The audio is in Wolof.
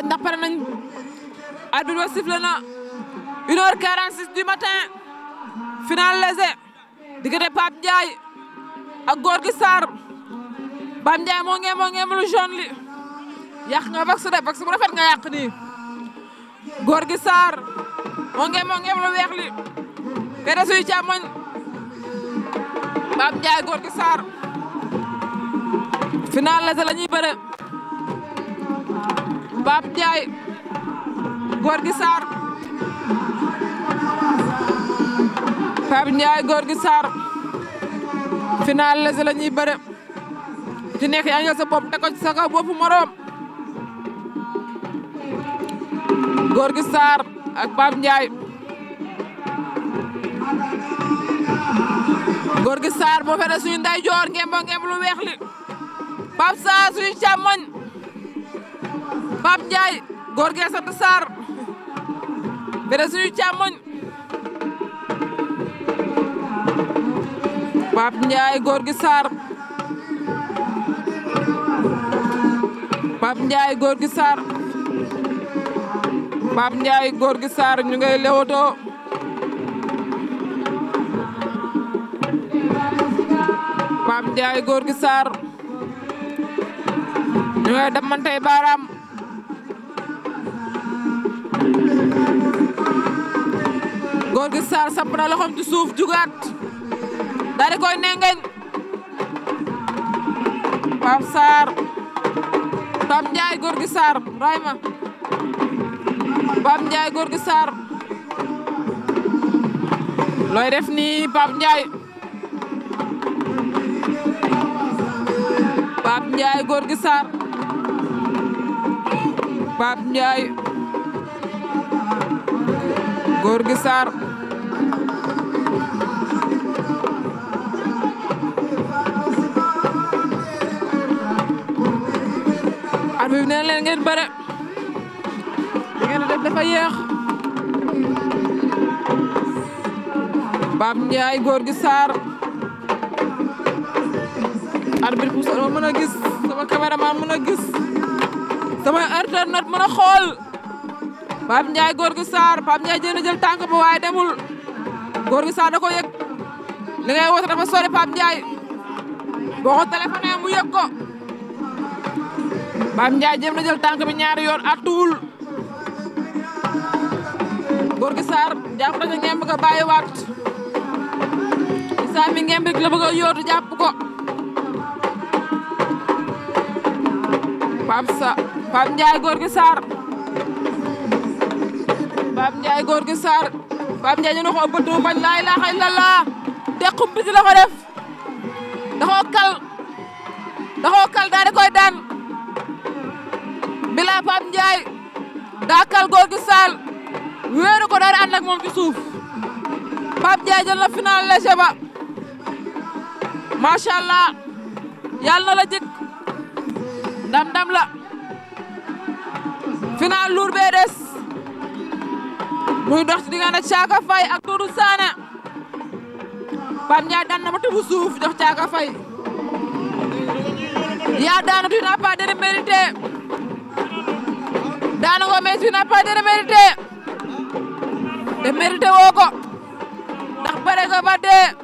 laaj ndax pare nañ arbitre bi sifflé na une heure quarante six du matin final léger diggante Pape Ndiaye ak Gorgui Sarr Pape Ndiaye moo ngeem moo ngeem lu jaune li yàq nga vax su def vax bu rafet nga yàq nii Gorgui Sarr moo ngeem moo lu weex li kede suy càmmoñ Pape Ndiaye Gorgui Sarr final léger la ñuy bëre Mbap Ndiaye góor gi Sarr Pape Ndiaye góor gi Sarr final la si la ñuy nekk yaa ngi bopp teg ko ci sa kaw boppu moroom góor gi Sarr ak Pape Ndiaye góor gi Sarr moo fere suñu ndeyjoor ngembo ngemb lu weex li Pape Sarr suñu càmmoñ Pape Ndiaye góor gee sant Sarr bere suñu càmmoñ Pape Ndiaye góor gi Sarr Pape Ndiaye gi Sarr Pape góor gi Sarr ñu ngay lewotoo Pape Ndiaye góor gi Sarr ñu ngay damantey baaraam góor gi Sarr samp suuf jugaat daal koy nengeñ Pape Sarr Pape Ndiaye góor gi Sarr Ibrahima Pape Ndiaye góor looy def nii Pape Ndiaye Pape Ndiaye góor gi Pape Ndiaye góor gi saar arbitre bi nee leen ngeen bare li ngeen def dafa yeex Pape Ndiaye góor gi Sarr arbitre bi mën a gis sama caméraman mën a gis sama internet mën a xool Pape Ndiaye gi saar Pape Ndiaye jéem a jël tànk ba waaye demul gi Sarr da ko yëg li ngay woote dafa sori Pape Ndiaye boo ko téléphoné mu yëg ko Pape Ndiaye na jël tànk bi ñaari yoon attuwul gi saar jàpp na ngemb ga bàyyiwaat Issa mi ngemb la bëgg a yóotu ko Pape Sa Pape Ndiaye Gorgui Sarr Pape Ndiaye Gorgui Sarr Pape Ndiaye ñu ne ko bëtu bañ laa ilaaha illallah te xumbisi la ko def daxoo kal daxoo kal daal koy daan bila Pape Ndiaye daa kal Gorgui Sarr wéeru ko daal di moom ci suuf Pape Ndiaye jël na final léger ba macha na la jik ndam ndam la final lour bee des muy dox ci diggante Caaka Fay ak Doudou Sané Pape Ndiaye daan na ma tëbu suuf jox Caaka Fay yaa daanu tu n'as pas de mérité daanu ko mais tu n'as pas de mérité de mérité woo ko ndax bare nga ba dee